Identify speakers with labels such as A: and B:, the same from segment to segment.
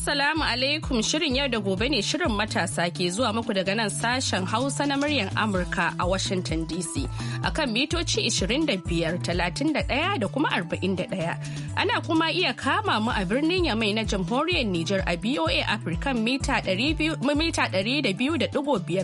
A: Assalamu alaikum shirin yau da gobe ne shirin matasa ke zuwa muku daga nan sashen Hausa na muryar Amurka a Washington DC akan mitoci 25, 31 da kuma 41. Ana kuma iya kama mu a birnin Yamai na jamhuriyar Nijar a BOA African mita 200.5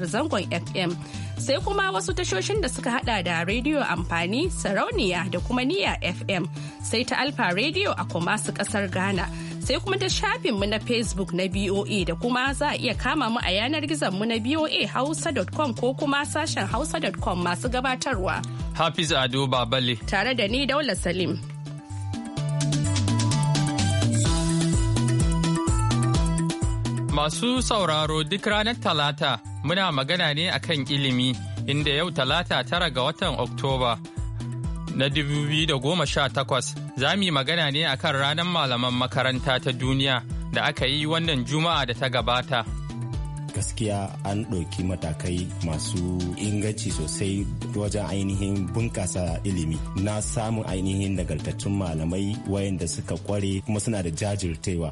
A: zangon FM. sai kuma wasu tashoshin da suka hada da rediyo amfani sarauniya da kuma niya fm sai ta alfa radio a kuma su kasar ghana sai kuma ta shafinmu na facebook na BOA da kuma za a iya kama mu a yanar gizon mu na BOA hausa.com ko kuma sashen hausa.com masu gabatarwa.
B: Hafiz Ado Babale.
A: Tare da ni Daula Salim.
B: Masu sauraro duk ranar Talata muna magana ne akan ilimi inda yau Talata tara ga watan Oktoba. na 2018 za mu yi magana ne akan ranar malaman makaranta ta duniya da aka yi wannan juma'a da ta gabata.
C: gaskiya an ɗauki matakai masu inganci sosai wajen ainihin bunƙasa ilimi na samun ainihin nagartattun malamai wayanda suka kware kuma suna da jajirtewa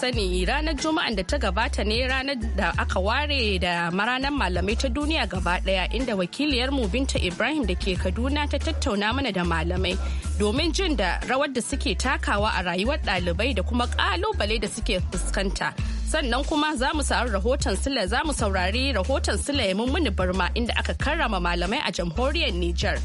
A: sani ranar juma'an da ta gabata ne ranar da aka ware da ranar malamai ta duniya gaba daya inda wakiliyarmu binta ibrahim da ke kaduna ta tattauna mana da malamai domin jin da rawar da suke takawa a rayuwar dalibai da kuma kalubale da suke fuskanta sannan kuma za mu sa'ar rahoton sila za mu saurari rahoton sila ya mummuni barma inda aka karrama malamai a jamhuriyar niger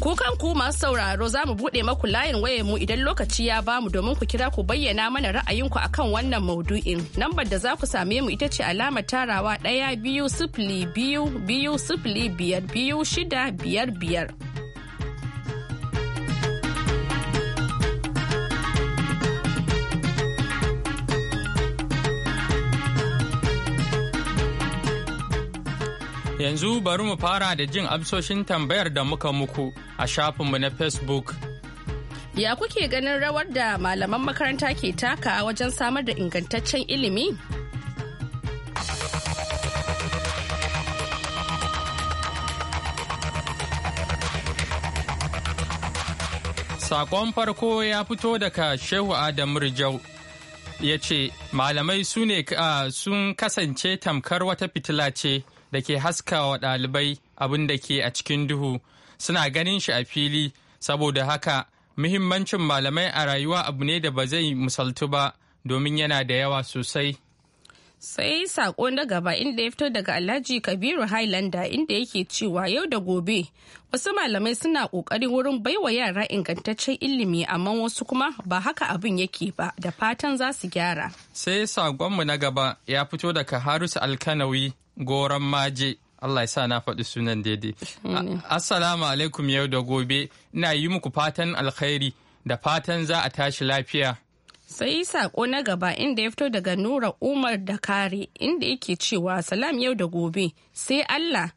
A: Ku masu sauraro za mu buɗe maku layin wayar mu idan lokaci ya bamu domin ku kira ku bayyana mana ra'ayinku akan wannan maudu'in. Lambar da za ku same mu ita ce alamar tarawa ɗaya biyu sifili biyu biyu sifili biyar biyu shida biyar biyar.
B: Yanzu bari mu fara da jin amsoshin tambayar da muka muku a shafinmu na Facebook.
A: Ya kuke ganin rawar da malaman makaranta ke taka wajen samar da ingantaccen ilimi?
B: Sakon farko ya fito daga Shehu Adam Rijau ya ce, Malamai su ne ah, sun kasance tamkar wata fitila ce. da ke haskawa ɗalibai abin da ke a cikin duhu suna ganin shi a fili saboda haka muhimmancin malamai a rayuwa abu ne da ba zai misaltu ba domin yana da yawa sosai.
A: sai saƙo na gaba inda ya fito daga alhaji kabiru highlander inda yake cewa yau da gobe wasu malamai suna ƙoƙarin wurin baiwa yara ingantaccen ilimi amma wasu kuma ba haka abin yake ba da fatan za su gyara
B: sai saƙonmu na gaba ya fito daga Harus alkanawi goron maje Allah ya sa na faɗi sunan daidai. Assalamu alaikum yau da gobe, ina yi muku fatan alkhairi da fatan za a tashi lafiya.
A: Sai saƙo na gaba inda ya fito daga Nura Umar da Kare inda yake cewa salam yau da gobe sai Allah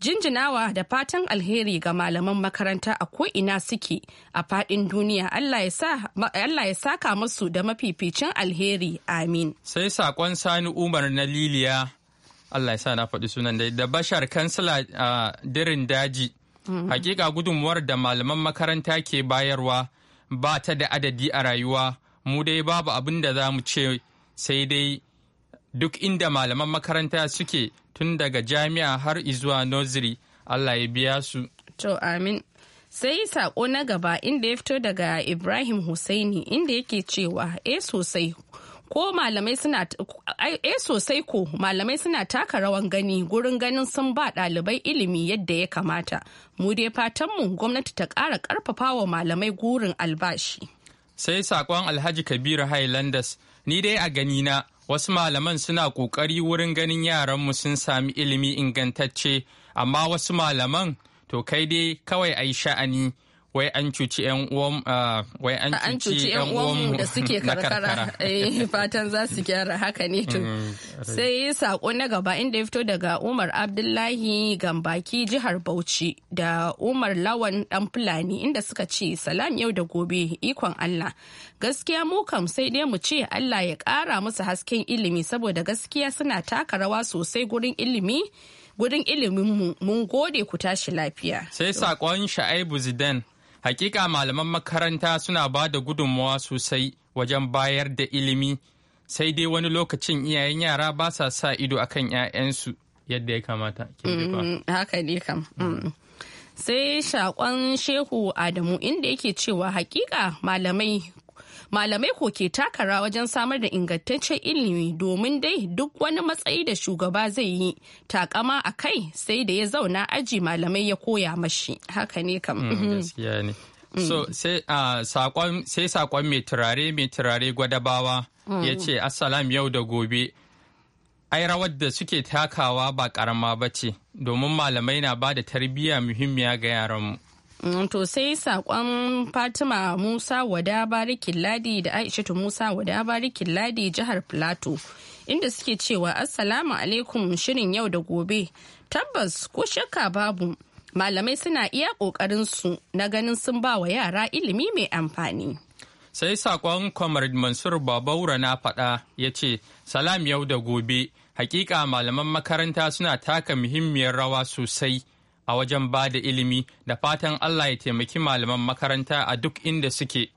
A: jinjinawa da fatan alheri ga malaman makaranta a ko'ina suke a faɗin duniya Allah ya saka musu da mafificin alheri amin.
B: Sai saƙon Sani Umar na Liliya Allah ya sa na faɗi sunan dai da bashar kansila dirin daji mm-hmm. hakika gudunmuwar da malaman makaranta ke bayarwa ba ta da adadi a rayuwa mu dai babu abin da za mu ce sai dai duk inda malaman makaranta suke tun daga jami'a har izuwa nursery Allah ya biya su.
A: To amin. Sai sako na gaba inda ya fito daga Ibrahim Hussaini inda yake cewa e sosai ko malamai suna ai eh, sosai ko malamai suna taka rawan gani gurin ganin sun ba dalibai ilimi yadda ya kamata mu dai fatanmu gwamnati ta ƙara ƙarfafa wa malamai gurin albashi
B: sai saƙon alhaji kabiru highlanders ni dai a gani na wasu malaman suna ƙoƙari wurin ganin yaranmu sun sami ilimi ingantacce amma wasu malaman to kai dai kawai Aisha ani. sha'ani wai an cuci yan uwan ah, wai an cuci yan uwan da suke karkara eh,
A: fatan za su gyara haka ne to mm, sai sako na gaba inda ya fito daga Umar Abdullahi Gambaki jihar Bauchi da Umar Lawan dan Fulani inda suka ce salam yau da gobe ikon Allah gaskiya mu kam sai dai mu ce Allah ya kara musu hasken ilimi saboda gaskiya suna taka rawa sosai gurin ilimi gudun iliminmu mun gode ku tashi lafiya.
B: Sai saƙon Sha'aibu Zidane. Hakika malaman makaranta suna ba da gudunmawa sosai wajen bayar da ilimi, sai dai wani lokacin iyayen yara ba sa sa ido kan 'ya'yansu yadda ya kamata. Mm-hmm.
A: Haka ne kam. Mm. Mm. sai shakon shehu adamu inda yake cewa hakika malamai malamai ko ke takara wajen samar da ingantaccen ilimi domin dai duk wani matsayi da shugaba zai yi takama a kai sai da ya zauna aji malamai ya koya mashi haka ne kam mm,
B: mhm. mm. sai sakon mai turare mai turare gwadabawa mm. ya ce assalam yau da gobe ai rawar da suke takawa ba ƙarama ba ce domin malamai na ba da tarbiyya muhimmiya ga yaranmu
A: Mm, to sai sakon Fatima Musa Wada Barikin Ladi da Aishatu Musa Wada Barikin Ladi jihar plato inda suke cewa Assalamu alaikum shirin yau da gobe. Tabbas ko shakka babu malamai suna iya ƙoƙarinsu na ganin sun ba wa yara ilimi mai amfani.
B: Sai sakon Comrade Mansur Babaura na faɗa ya ce, Salam yau da gobe, hakika malaman makaranta suna taka muhimmiyar rawa sosai. a wajen ba da ilimi da fatan Allah ya taimaki malaman makaranta a duk inda suke.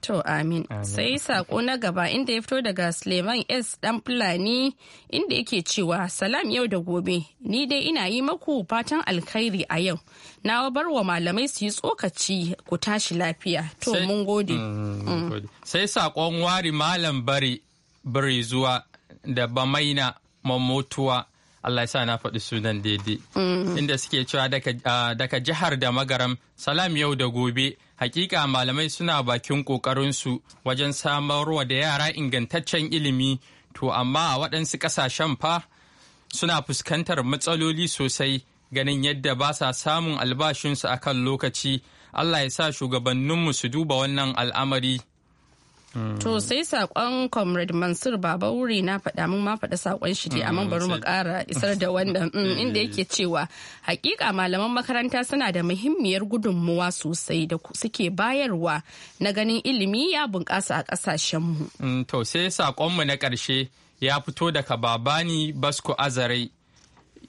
A: To amin. Sai saƙo na gaba inda ya fito daga Suleiman S ɗan Fulani inda yake cewa salam yau da gobe ni dai ina yi maku fatan alkhairi a yau. Na bar wa malamai su yi tsokaci ku tashi lafiya. To mun mm,
B: mm. gode. Sai saƙon wari malam bari bari zuwa da bamaina mamotuwa Allah ya sa na faɗi sunan daidai. Mm. Inda suke cewa ah, daga jihar da magaram salam yau da gobe hakika malamai suna bakin ƙoƙarinsu wajen samarwa da yara ingantaccen ilimi to amma a waɗansu ƙasashen fa suna fuskantar matsaloli sosai ganin yadda ba sa samun albashinsu a kan lokaci Allah ya sa shugabanninmu su duba wannan al'amari To
A: sai saƙon Comrade Mansur Baba wuri na faɗa mun ma faɗa saƙon shi dai amma mm, bari mu ƙara isar da wannan mm, inda yake cewa hakika malaman makaranta suna da muhimmiyar gudunmuwa sosai da suke bayarwa na ganin ilimi ya bunƙasa a ƙasashen mu.
B: Mm, to sai saƙon mu na ƙarshe ya fito daga Babani Basko Azare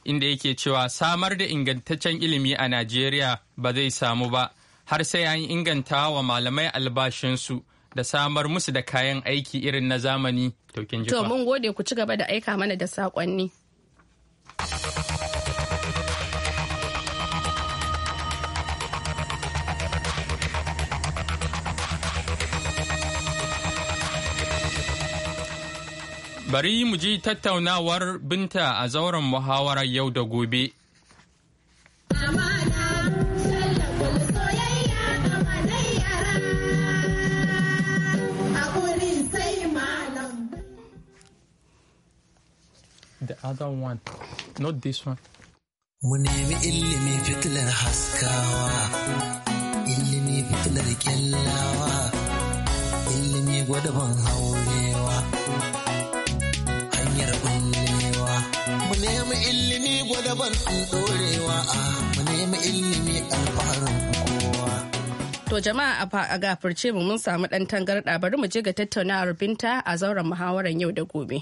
B: inda yake cewa samar da ingantaccen ilimi a Najeriya ba zai samu ba har sai an inganta wa malamai albashinsu. da samar musu da kayan aiki irin na zamani. To mun
A: gode ku ci gaba da aika mana da saƙonni.
B: Bari mu ji tattaunawar binta a zauren muhawarar yau da gobe the other one not this one mu nemi ilimi fitilar haskawa ilimi fitilar kyallawa
D: ilimi gwada ban haurewa hanyar bullewa mu nemi ilimi gwada ban dorewa mu nemi ilimi alfaharin kowa
A: To jama'a a gafarce mu mun samu ɗan tangarɗa bari mu je ga tattaunawar binta a zauren muhawarar yau da gobe.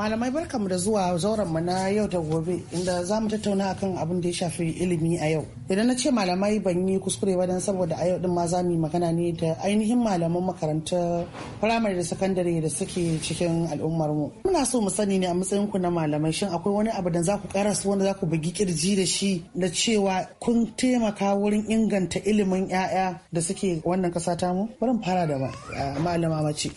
E: malamai barkamu da zuwa zauren na yau da gobe inda za mu tattauna akan abin da ya shafi ilimi a yau idan na ce malamai ban yi kuskure ba don saboda a yau din ma za mu yi magana ne da ainihin malaman makarantar firamare da sakandare da suke cikin al'ummar mu muna so mu sani ne a matsayin ku na malamai shin akwai wani abu da za ku su wanda za ku bugi kirji da shi na cewa kun taimaka wurin inganta ilimin 'ya'ya da suke wannan kasa ta mu bari fara da ah, malama mace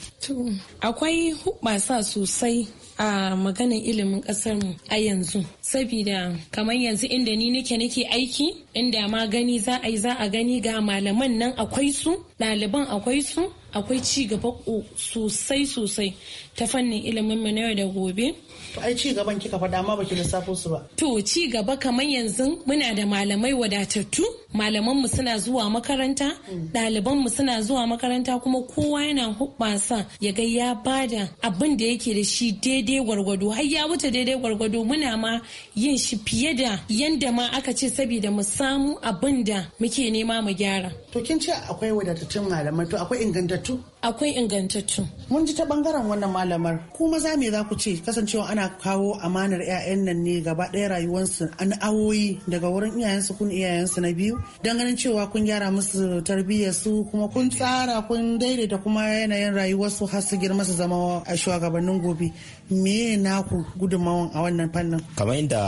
F: akwai hubbasa sosai a maganin ilimin kasar mu a yanzu sabida kamar yanzu inda ni nake nake aiki inda ma gani za a yi za a gani ga malaman nan akwai su ɗaliban akwai su akwai ci gaba sosai sosai ta fannin ilimin
E: mu na yau da gobe ai ci gaban kika faɗa amma baki lissafo su ba
F: to ci gaba kamar yanzu muna da malamai wadatattu malaman mu suna zuwa makaranta mm. ɗaliban mu suna zuwa makaranta kuma kowa yana hubbasa ya ga ya bada abin da yake da shi daidai gwargwado har ya wuce daidai gwargwado muna ma yin shi fiye da yanda ma
E: aka ce saboda mu samu
F: abin da muke nema mu gyara to
E: kin ce akwai wadatattun malamai to akwai ingantattun ingantattu akwai ingantattu mun ji ta bangaren wannan malamar ku maza me za ku ce kasancewa ana kawo amanar 'ya'yan nan ne gaba ɗaya rayuwarsu an awoyi daga wurin iyayensu kun iyayensu na biyu dangane ganin cewa kun gyara musu tarbiyyarsu kuma kun tsara kun daidaita kuma yanayin rayuwarsu har su girma su zama a shugabannin gobe me naku gudunmawan a wannan fannin
C: kamar inda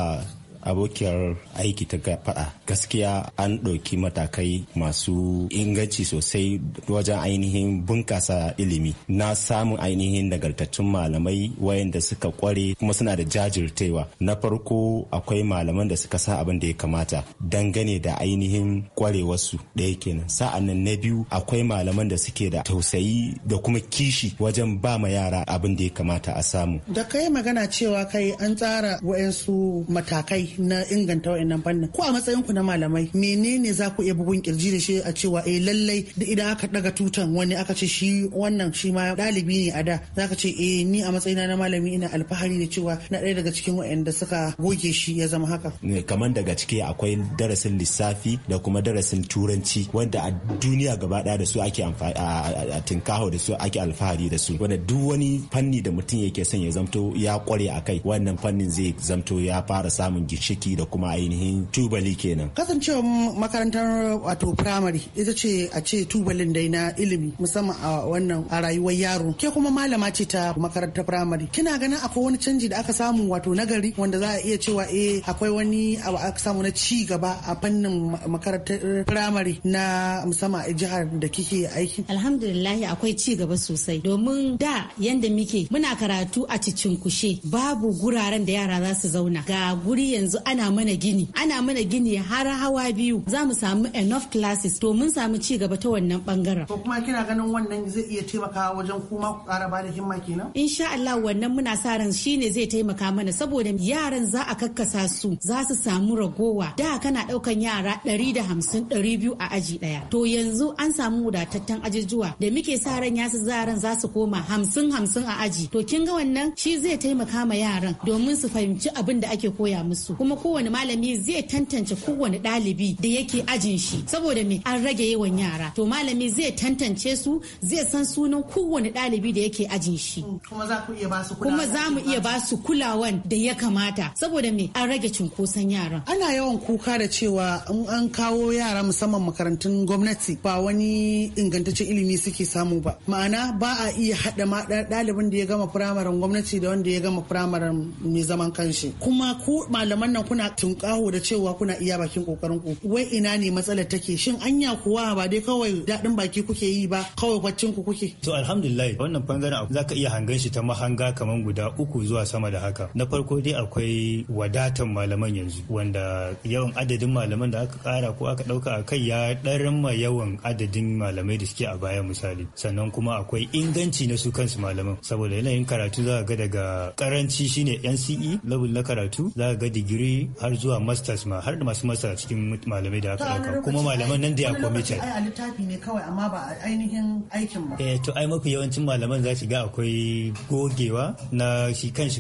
C: abokiyar aiki ta faɗa gaskiya an ɗauki matakai masu inganci sosai wajen ainihin bunƙasa ilimi na samun ainihin nagartattun malamai wayanda suka kware kuma suna da jajirtewa na farko akwai malaman da suka sa abin da ya kamata dangane da ainihin kwarewarsu ɗaya kenan sa'annan na biyu akwai malaman da suke da tausayi da kuma kishi wajen ba ma yara abin da ya kamata a samu
E: da kai magana cewa kai an tsara wayansu matakai na inganta wayannan fannin ko a matsayin ku na malamai menene za ku iya bugun kirji da shi a cewa eh lallai da idan aka daga tutan wani aka ce shi wannan shi ma ɗalibi ne a da za ka ce eh ni a matsayina na malami ina alfahari da cewa na ɗaya daga cikin waɗanda suka goge shi ya zama haka.
C: Eh, Kamar daga ciki akwai darasin lissafi da kuma darasin turanci wanda a duniya gaba ɗaya da su ake tinkaho da su ake alfahari da su wanda duk wani fanni da mutum yake son ya zamto ya kware a kai wannan fannin zai zamto ya fara samun ginshiki da kuma ainihin tubali kenan
E: kasancewa makarantar wato primary ita ce a ce tubalin dai na ilimi musamman a wannan a rayuwar yaro ke kuma malama ce ta makarantar primary kina ganin akwai wani canji da aka samu wato nagari wanda za a iya cewa eh akwai wani abu aka samu na ci gaba a fannin makarantar primary na musamman a jihar da kike aiki alhamdulillah akwai ci gaba sosai domin da yanda muke muna karatu a
G: cikin kushe babu guraren da yara za su zauna ga guri yanzu ana mana gini ana mana gini ha har hawa biyu za mu samu enough classes to mun samu ci gaba ta wannan bangaren.
E: To kuma kina ganin wannan zai iya taimakawa wajen kuma ku ƙara bada himma kenan?
G: Insha Allah wannan muna sa ran shine zai taimaka mana saboda yaran za a kakkasa su za su samu ragowa da kana ɗaukan yara ɗari da hamsin ɗari biyu a aji ɗaya. To yanzu an samu wadataccen ajujuwa da muke sa ran yasu zaran za su koma hamsin hamsin a aji. To kin ga wannan shi zai taimaka ma yaran domin su fahimci abin da ake koya musu kuma kowane malami zai tantance kowane kowane ɗalibi da yake ajin shi saboda me an rage yawan yara to malami zai tantance su zai san sunan kowane ɗalibi da yake ajin shi
E: kuma za iya ba mu
G: iya ba su kulawan da ya kamata saboda me an rage cunkoson yaran
E: ana yawan kuka da cewa in an kawo yara musamman makarantun gwamnati ba wani ingantaccen ilimi suke samu ba ma'ana ba a iya haɗa ma ɗalibin da ya gama firamaren gwamnati da wanda ya gama firamaren mai zaman kanshi kuma ku malaman nan kuna tunƙaho da cewa kuna iya baki bakin kokarin ku wai ina ne matsalar take shin anya kuwa ba dai kawai daɗin baki kuke yi
H: ba kawai baccin ku kuke to alhamdulillah wannan bangaren zaka iya hangan shi ta mahanga kaman guda uku zuwa sama da haka na farko dai akwai wadatan malaman yanzu wanda yawan adadin malaman da aka kara ko aka dauka a kai ya ɗarin ma yawan adadin malamai da suke a baya misali sannan kuma akwai inganci na su kansu malaman saboda yanayin karatu za ga daga karanci shine NCE level na karatu za ga digiri har zuwa masters ma har da masu masters sa cikin malamai da aka dauka kuma malaman nan da ya committed ai a
E: littafi ne kawai amma ba a ainihin aikin ba eh
H: to ai mafi yawancin malaman za shiga akwai gogewa na shi kanshi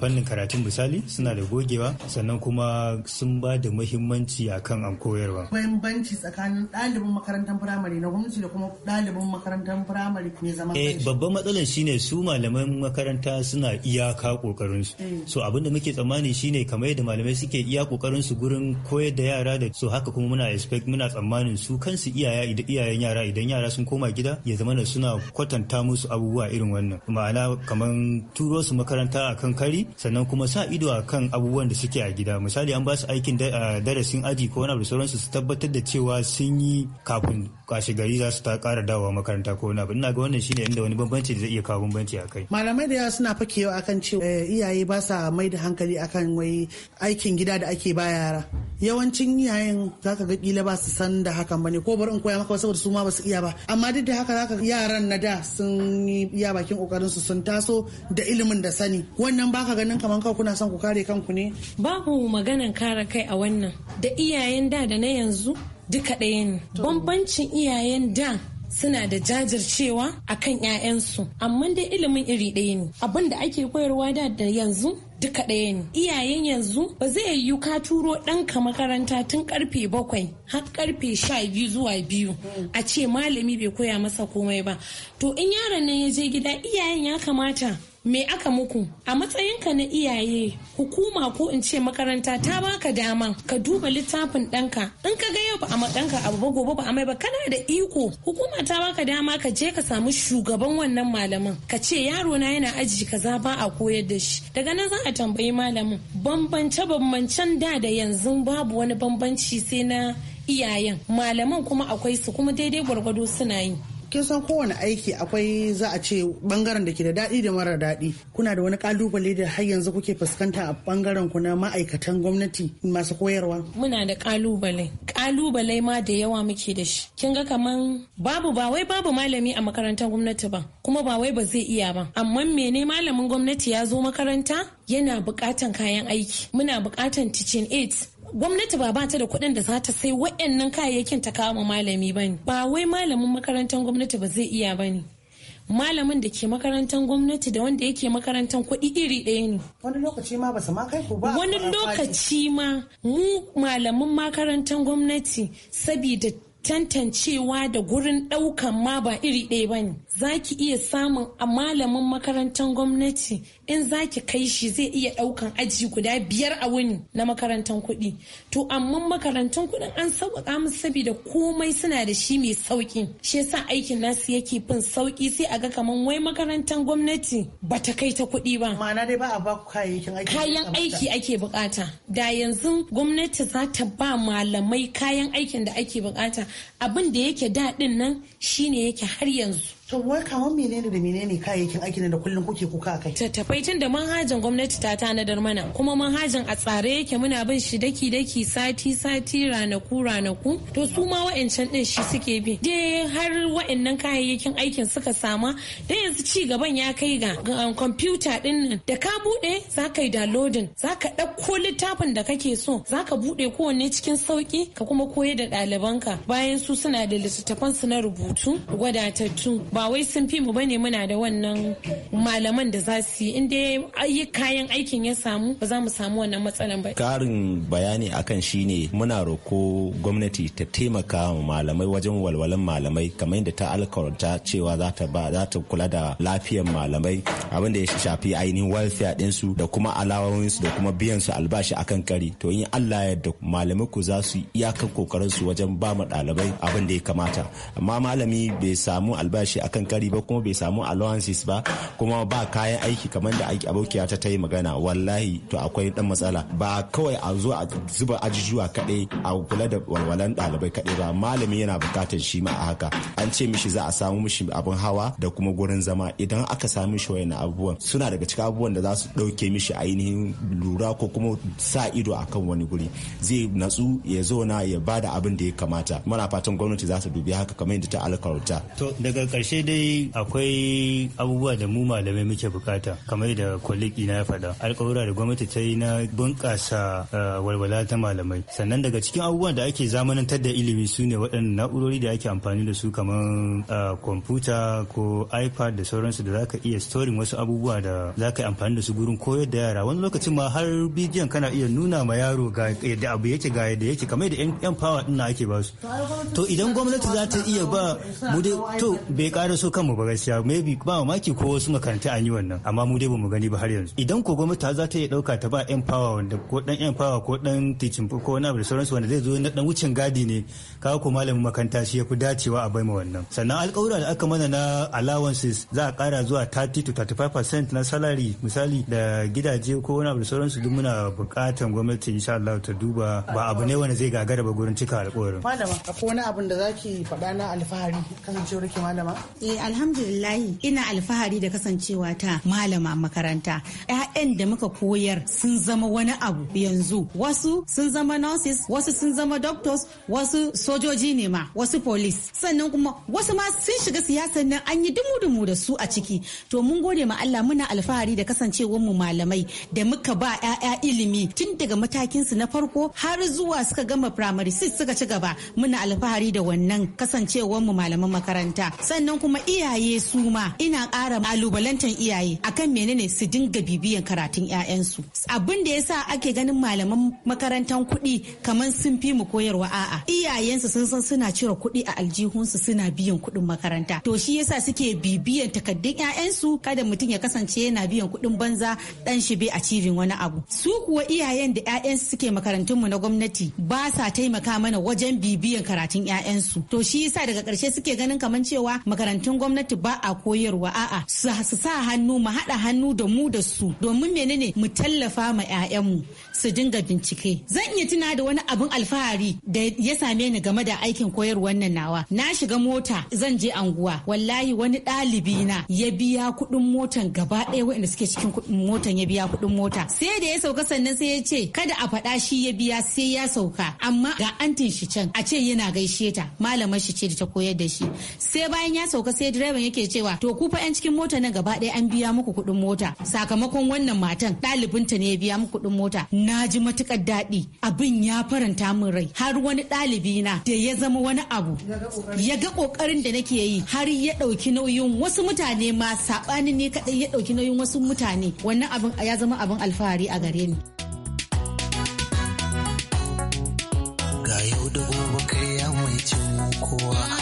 H: fannin karatun misali suna da gogewa sannan kuma sun ba da muhimmanci akan an koyarwa
E: bambanci tsakanin ɗalibin makarantar firamare na gwamnati da kuma ɗalibin makarantar firamare ne zama eh
H: babban matsalar shine su malaman makaranta suna iyaka kokarin su eh. so abinda muke tsammani shine kamar yadda malamai suke iya kokarin su gurin koyar da da yara da so haka kuma muna expect muna tsammanin su kansu iyaya idan iyayen yara idan yara sun koma gida ya zama da suna kwatanta musu abubuwa irin wannan ma'ana kamar turo su makaranta akan kari sannan kuma sa ido akan abubuwan da suke a gida misali an ba su aikin darasin aji ko wani abu sauransu su tabbatar da cewa sun yi kafin kashi gari za su ta kara dawowa makaranta ko na ina ga wannan shine inda wani bambanci zai iya kawo bambanci a kai
E: malamai da yawa suna fakewa akan cewa eh, iyaye ba sa mai da hankali akan wai aikin gida da ake ba yara yawancin iyayen ka ga kila ba su san da hakan ne ko bari in koya maka saboda su ma ba su iya ba amma duk da haka zaka yaran na da sun yi iya bakin kokarin su sun taso da ilimin da sani wannan baka ganin kamar ka kuna son ku kare kanku ne
F: babu maganan kare kai a wannan da iyayen da da na yanzu duka ɗaya ne bambancin iyayen da suna da jajircewa a kan 'ya'yansu amma dai ilimin iri ɗaya ne abin da ake koyarwa da yanzu duka ɗaya ne iyayen yanzu ba zai yiwu ka turo ɗanka makaranta tun karfe bakwai har karfe sha biyu zuwa biyu mm. a ce malami bai koya masa komai ba to in yaron nan ya je gida iyayen ya kamata me aka muku a matsayinka na iyaye hukuma ko in ce makaranta ta baka dama ka duba littafin ɗanka in ka ga yau ba a maɗanka abu ba gobe ba a ba kana da iko hukuma ta baka dama ka je ka samu shugaban wannan malamin ka ce yaro na yana aji kaza ba a koyar da shi daga nan za a tambayi malamin bambance bambancen da da yanzu babu wani
E: bambanci
F: sai na iyayen malaman kuma akwai su
E: kuma daidai gwargwado suna yi kin san kowane aiki akwai za a ce bangaren da ke da daɗi da mara daɗi kuna da wani kalubale da har yanzu kuke fuskanta a bangaren ku na ma'aikatan gwamnati masu koyarwa
F: muna da kalubale kalubale ma da yawa muke da shi kin ga kaman babu ba wai babu malami a makarantar gwamnati ba kuma ba wai ba zai iya ba amma mene malamin gwamnati ya zo makaranta yana bukatan kayan aiki muna buƙatan teaching aids gwamnati ba ba ta da kuɗin da za ta sai wa'annan kayayyakin ta kawo ma malami ba ne ba wai malamin makarantar gwamnati ba zai iya ba ne malamin da ke makarantar gwamnati da wanda yake makarantar kuɗi
E: iri ɗaya ne wani lokaci ma ba su ma kai ku ba wani lokaci
F: ma mu malamin makarantar gwamnati sabida tantancewa da gurin ɗaukan ma ba iri ɗaya ba ne za ki iya samun a malamin makarantar gwamnati in za ki kai shi zai iya ɗaukan aji guda biyar a wuni na makarantar kuɗi to amma makarantun kuɗin an sauƙaƙa musu saboda komai suna da shi mai sauƙi shi yasa aikin nasu yake fin sauƙi sai a ga kaman wai makarantar gwamnati ba ta kai ta kuɗi ba ma'ana
E: dai ba a ba kayayyakin aiki kayan aiki
F: ake bukata da yanzu gwamnati za ta ba malamai kayan aikin da ake bukata abin da yake daɗin nan shine yake har yanzu To wai menene da menene
E: kayayyakin aikin da kullum kuke kuka kai? Tattafai
F: tun da manhajan gwamnati ta tanadar mana kuma manhajan a tsare yake muna bin shi daki daki sati sati ranaku ranaku to su ma wa'ancan din shi suke bi. Dai har wa'annan kayayyakin aikin suka sama da yanzu ci gaban ya kai ga kwamfuta um, din nan da ka bude za ka yi downloading za ka ɗauko littafin da kake so za ka bude kowanne cikin sauki ka kuma koyar da ɗalibanka bayan su suna da su na rubutu gwadatattu ba ba wai sun fi mu ba bane muna da wannan malaman da za su yi inda yi kayan aikin ya samu ba za mu samu wannan matsalan ba
C: karin bayani akan shine muna roko gwamnati ta taimaka malamai wajen walwalan malamai kamar yadda ta alkawarta cewa za ta ba za ta kula da lafiyar malamai abinda ya shafi ainihin welfare ɗinsu da kuma alawoyinsu da kuma biyan su albashi akan kari to in Allah ya yarda malamai ku za su iyakan kokarin su wajen ba ma ɗalibai abin da ya kamata amma malami bai samu albashi akan kari ba kuma bai samu allowances ba kuma ba kayan aiki kamar da aiki abokiya ta yi magana wallahi to akwai dan matsala ba kawai a zo a zuba ajujuwa kadai a kula da walwalan ɗalibai kadai ba malami yana bukatar shi ma a haka an ce mishi za a samu mishi abin hawa da kuma gurin zama idan aka sami shi wayannan abubuwan suna daga cikin abubuwan da za su ɗauke mishi ainihin lura ko kuma sa ido a kan wani guri zai natsu ya zo na ya bada abin da ya kamata muna fatan gwamnati za su dubi haka kamar yadda ta alkarta
H: to daga karshe sai dai akwai abubuwa da mu malamai muke bukata kamar da kwaliki na ya faɗa alƙawura da gwamnati ta yi na bunkasa eh, walwala ta malamai sannan daga cikin abubuwan da ake zamanantar da ilimi su ne waɗannan na'urori da ake amfani da su kamar eh, kwamfuta ko ipad da sauransu da za ka iya storing wasu abubuwa da za ka yi amfani da su gurin koyar da yara wani lokacin ma har bidiyon kana iya nuna ma yaro ga yadda abu yake ga yadda yake kamar da yan fawa ɗin ake ba su to idan gwamnati za ta iya ba mu to bai ƙara so kanmu ba gaskiya maybe ba mamaki ko wasu makaranta an yi wannan amma mu dai bamu gani ba har yanzu idan ko gwamnati za ta iya ɗauka ta ba yan fawa wanda ko dan yan fawa ko dan teaching ko wani abu da sauransu wanda zai zo na dan wucin gadi ne kawo ko malamin makaranta shi ya fi dacewa a bai baima wannan sannan alƙawura da aka mana na allowances za a ƙara zuwa 30 to 35 na salary misali da gidaje ko wani abu da sauransu duk muna buƙatan gwamnati insha Allah ta duba ba abu ne wanda zai gagara ba gurin cika alƙawarin
E: malama akwai wani abu da zaki faɗa na alfahari kasancewar ki
G: malama Eh alhamdulillahi ina alfahari da kasancewa ta malama makaranta. 'Ya'yan da muka koyar sun zama wani abu yanzu. Wasu sun zama nurses, wasu sun zama doctors, wasu sojoji ne ma, wasu police. Sannan kuma wasu ma sun shiga siyasar nan an yi dumu-dumu da su a ciki. To mun gode ma Allah muna alfahari da kasancewar mu malamai da muka ba 'ya'ya ilimi tun daga matakin su na farko har zuwa suka gama primary 6 suka ci gaba. Muna alfahari da wannan kasancewar mu malaman makaranta. Sannan kuma iyaye su ma ina ƙara alubalantan iyaye akan menene su dinga bibiyan karatun 'ya'yansu abin da yasa ake ganin malaman makarantan kuɗi kamar sun fi mu koyarwa a'a iyayensu sun san suna cire kuɗi a aljihunsu suna biyan kuɗin makaranta to shi yasa suke bibiyan takaddun 'ya'yansu kada mutum ya kasance yana biyan kuɗin banza dan shi bai achieving wani abu su kuwa iyayen da 'ya'yansu suke makarantunmu na gwamnati ba sa taimaka mana wajen bibiyan karatun 'ya'yansu to shi yasa daga ƙarshe suke ganin kamar cewa makarantun makarantun gwamnati ba a koyarwa a'a su sa hannu mu haɗa hannu da mu da su domin menene mu tallafa ma 'ya'yanmu su dinga bincike zan iya tuna da wani abin alfahari da ya same ni game da aikin koyarwar nan nawa na shiga mota zan je anguwa wallahi wani ɗalibi na ya biya kuɗin motan gaba ɗaya waɗanda suke cikin motan ya biya kuɗin mota sai da ya sauka sannan sai ya ce kada a faɗa shi ya biya sai ya sauka amma ga antin shi can a ce yana gaishe ta malamar shi ce da ta koyar da shi sai bayan ya sauka sauka sai direban yake cewa to ku fa yan cikin mota nan gaba ɗaya an biya muku kuɗin mota sakamakon wannan matan ɗalibinta ne ya biya muku kuɗin mota na ji matukar daɗi abin ya faranta min rai har wani ɗalibi na da ya zama wani abu ya ga ƙoƙarin da nake yi har ya ɗauki nauyin wasu mutane ma saɓanin ne kaɗai ya ɗauki nauyin wasu mutane wannan abin ya zama abin alfahari a gare ni.
D: Ga yau da gobe kai ya mai kowa.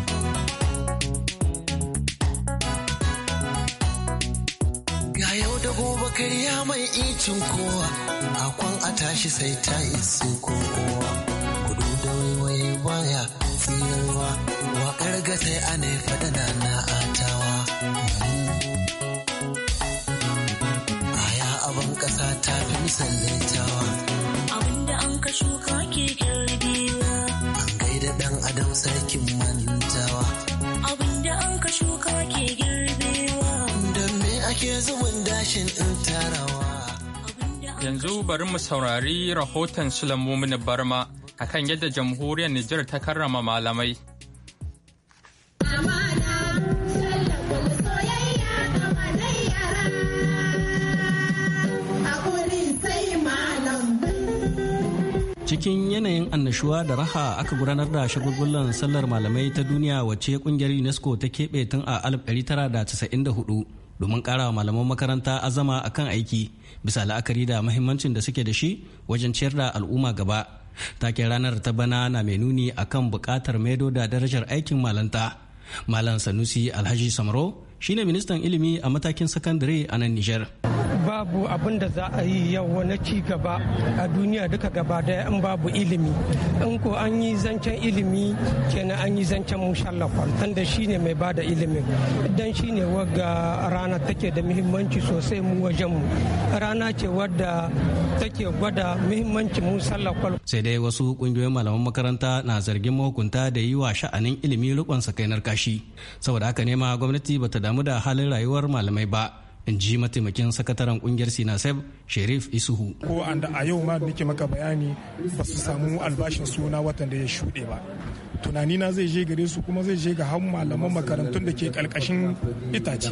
D: yi icin kowa akwan a tashi sai ta iso kowa kudu da waiwaye baya tsirarwa waƙar ga sai ana fada na na atawa aya abin ƙasa ta fi misallaitawa abinda an ka shuka ke girbewa an gaida ɗan adam sarkin mantawa abinda an ka shuka ke girbewa don me ake zubin dashin in tarawa
B: Yanzu bari mu saurari rahoton Sulamumin Barma akan yadda jamhuriyar Nijar ta karrama malamai.
I: cikin yanayin annashuwa da raha aka gudanar da shagulgullan sallar malamai ta duniya wacce kungiyar unesco ta keɓe tun a 1994 domin ƙara malaman makaranta azama akan aiki bisa la'akari da mahimmancin da suke da shi wajen ciyar da al'umma gaba taken ranar ta bana na mai nuni a kan buƙatar maido da darajar aikin malanta malam sanusi alhaji samro shine ministan ilimi a matakin sakandare a nan nijar
E: babu abin da za a yi yau wani ci gaba a duniya duka gaba daya in babu ilimi in ko an yi zancen ilimi kenan an yi zancen mushallafa tunda shine mai bada ilimi idan shine wanda rana take da muhimmanci sosai mu wajen mu rana ce wadda take gwada muhimmancin musallafa
I: sai dai wasu kungiyoyin malaman makaranta na zargin mahukunta da yi wa sha'anin ilimi rikon sakainar kashi saboda haka nema gwamnati bata damu da halin rayuwar malamai ba in ji mataimakin sakataren kungiyar sinasef sherif isuhu
C: ko anda a yau ma nake maka bayani ba su samu albashin suna watan da ya shuɗe ba tunani na zai je gare su kuma zai je ga han malaman makarantun da ke karkashin itace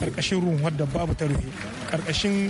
C: karkashin ruwan da babu ta rufe karkashin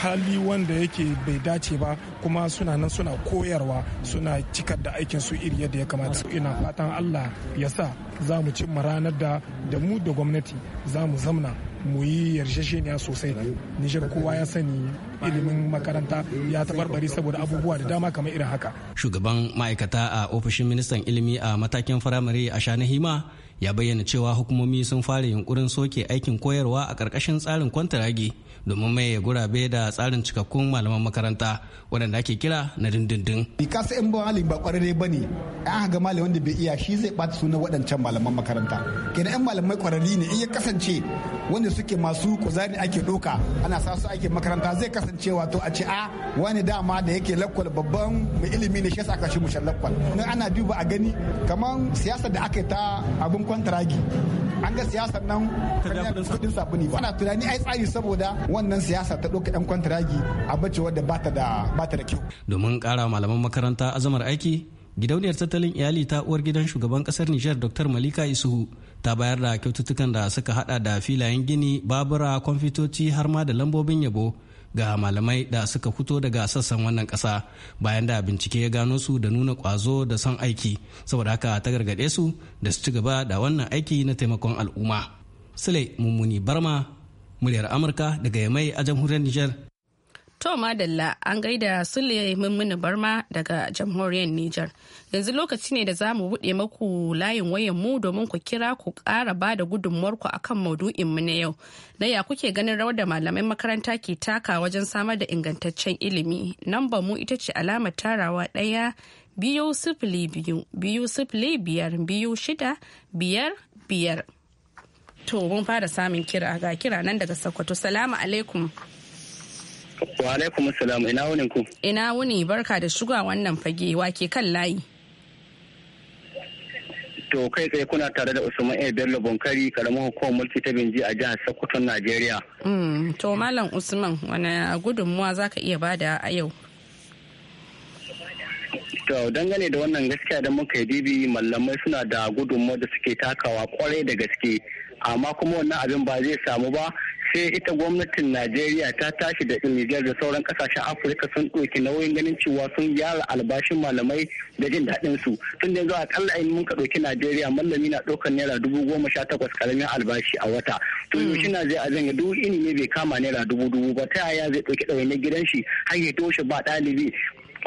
C: hali wanda yake bai dace ba kuma suna nan suna koyarwa suna cikar da aikin su iri yadda ya kamata ina fatan allah ya sa za mu cimma ranar da da mu da gwamnati za mu zamna mu yi yarjejeniya sosai nijar kowa ya sani ilimin makaranta ya tabarbari saboda abubuwa da dama kamar irin haka
I: shugaban ma'aikata a ofishin ministan ilimi a matakin firamare a shanahima ya bayyana cewa hukumomi sun fara yunkurin soke aikin koyarwa a ƙarƙashin tsarin kwantaragi domin mai ya gurabe da tsarin cikakkun malaman makaranta waɗanda ake kira na dindindin.
C: Bikasa in ba malami ba ƙwararre ba ne an haga malamai wanda bai iya shi zai ɓata sunan waɗancan malaman makaranta. Kenan 'yan malamai ƙwararri ne in ya kasance wanda suke masu kuzari ake ɗoka ana sa su ake makaranta zai kasance wato a ce a ah, wani dama da yake lakwal babban mai ilimi ne shi yasa aka shi shan lakwal. ana duba a gani kamar siyasa da aka yi ta abin kwantaragi an ga siyasar nan kudin sabuni ba ana tunani ai tsari saboda wannan siyasa ta ɗauka yan kwantaragi a bace wadda da bata da kyau
I: domin kara malaman makaranta azamar aiki gidauniyar tattalin iyali ta uwar gidan shugaban kasar nijar dr malika isuhu ta bayar da kyaututtukan da suka hada da filayen gini babura kwamfitoci har ma da lambobin yabo ga malamai da suka fito daga sassan wannan kasa bayan da bincike ya gano su da nuna kwazo da son aiki saboda haka ta gargaɗe su da su ci gaba da wannan aiki na taimakon al'umma sule mummuni barma muryar amurka daga yamai a jamhuriyar nijar.
A: To Madalla an gaida Sule Mummuni Barma daga jamhuriyar Nijar. Yanzu lokaci ne da za mu buɗe maku layin wayan mu domin ku kira ku ƙara ba da gudunmuwarku a kan maudu'in mu na yau. Na ya kuke ganin rawar da malamai makaranta ke taka wajen samar da ingantaccen ilimi. Namba mu ita ce alamar tarawa ɗaya biyu sifili biyu biyu sifili biyar biyu shida biyar biyar. To mun fara samun kira ga kira nan daga Sokoto. Salamu alaikum.
J: Wa alaikum ina wunin ku.
A: Ina wuni barka da shuga wannan fage wake kan layi.
J: To kai tsaye kuna tare da Usman A. Bello Bunkari karamin hukumar mulki ta Binji a jihar Sokoto Najeriya.
A: Hmm. To Malam Usman wani gudunmuwa za ka iya bada a yau?
J: To dangane da wannan gaskiya da muka yi dibi mallamai suna da gudunmuwa da suke takawa kwarai da gaske amma kuma wannan abin ba zai samu ba sai ita gwamnatin najeriya ta tashi da nijar da sauran kasashen afirka sun ɗauki nauyin ganin cewa sun gyara albashin malamai da jin daɗin su tun da yanzu kalla in mun ka ɗauki najeriya mallami na ɗaukar naira dubu goma sha takwas karamin albashi a wata to hmm. yaushe na zai a zanga duk ini ne bai kama naira dubu dubu ba ta yaya zai ɗauki ɗauki na gidan shi har ya toshe ba ɗalibi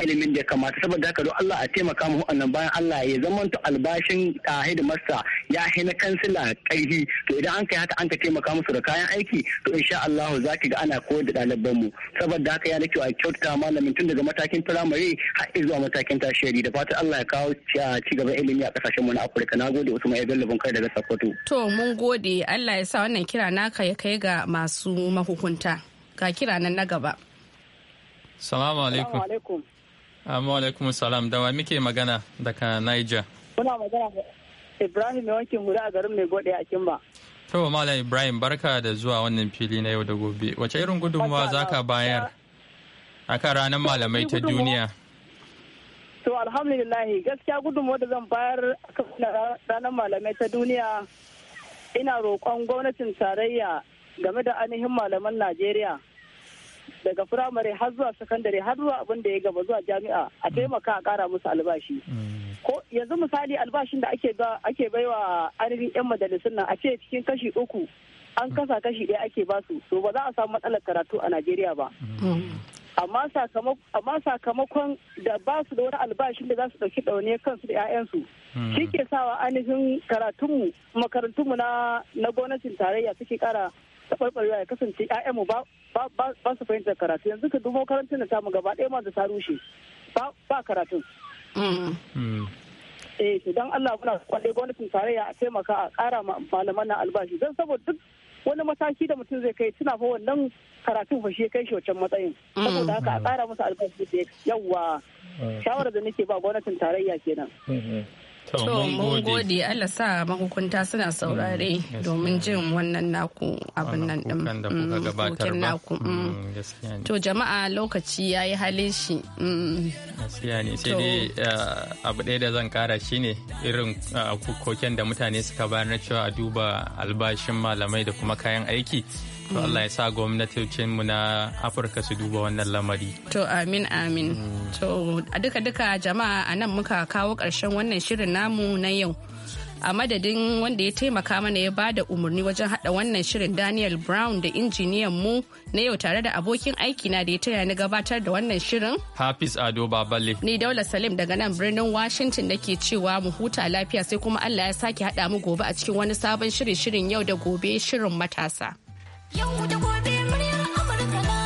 J: ilimin da ya kamata saboda haka don Allah a taimaka mu annan bayan Allah ya to albashin a masa ya hina kansila karfi to idan an kai haka an ka taimaka musu da kayan aiki to insha Allah za ki ga ana koyar da ɗaliban mu saboda haka ya da a kyautata malamin tun daga matakin firamare har zuwa matakin tashiri da fatan Allah ya kawo ci gaban ilimi a kasashen mu na Afirka gode Usman ya gallabin kai daga Sokoto
A: to mun gode Allah ya sa wannan kira naka ya kai ga masu mahukunta ga kira nan na gaba
B: Salamu alaikum. Amma alaikum salam da wa muke magana daga Niger.
K: Kuna magana Ibrahim ya wankin hula a garin mai gode a Kimba.
B: To Malam Ibrahim barka da zuwa wannan fili na yau da gobe. Wace irin gudunmawa za ka bayar a kan ranar malamai ta duniya?
K: To alhamdulillahi gaskiya gudunmawa da zan bayar a ranar malamai ta duniya ina roƙon gwamnatin tarayya game da ainihin malaman Najeriya. daga firamare har zuwa sakandare har zuwa abin da ya gaba zuwa jami'a a taimaka a kara musu albashi ko yanzu misali albashin da ake ake baiwa ainihin yan majalisun nan a ce cikin kashi uku an kasa kashi ɗaya ake basu to ba za a samu matsalar karatu a najeriya ba amma sakamakon da ba su da wani albashin da za su ɗauki ɗaune kansu da 'ya'yansu shi ke sawa ainihin karatunmu makarantunmu na gwamnatin tarayya suke kara. taɓarɓarewa ya kasance 'ya'yanmu ba ba su fahimtar karatu yanzu ka dubo karantin da tamu gaba ɗaya ma ta rushe ba karatun.
D: Mm.
K: eh to dan Allah muna kwalle gwamnatin tarayya a taimaka a kara malaman nan albashi don saboda duk wani mataki da mutum zai kai tuna fa wannan karatu fa shi kai shi wancan matsayin mm. saboda haka a kara masa albashi da yawa mm. shawarar da nake ba gwamnatin tarayya kenan
D: mm-hmm. To mun gode
A: Allah sa mahukunta suna saurare mm, domin jin wannan naku abin nan din
D: mm,
B: naku. Mm.
A: To jama'a lokaci ya yi halin shi.
B: Gaskiya ne sai dai eh, abu ɗaya da zan kara shi ne irin eh, kokin da mutane suka bayar na cewa a duba albashin malamai da kuma kayan aiki. to Allah ya sa mu na Afirka su duba wannan lamari.
A: To amin amin. To a duka duka jama'a a nan muka kawo karshen wannan shirin namu na yau. a madadin wanda ya taimaka mana ya ba da umarni wajen hada wannan shirin daniel brown da injiniyan mu na yau tare da abokin aiki na da ya taya ni gabatar da wannan shirin
B: hafiz ado babale
A: ni daula salim daga nan birnin washington da ke cewa mu huta lafiya sai kuma allah ya sake hada mu gobe a cikin wani sabon shirin shirin yau da gobe shirin matasa Yau da gobe muryar
D: Amurka na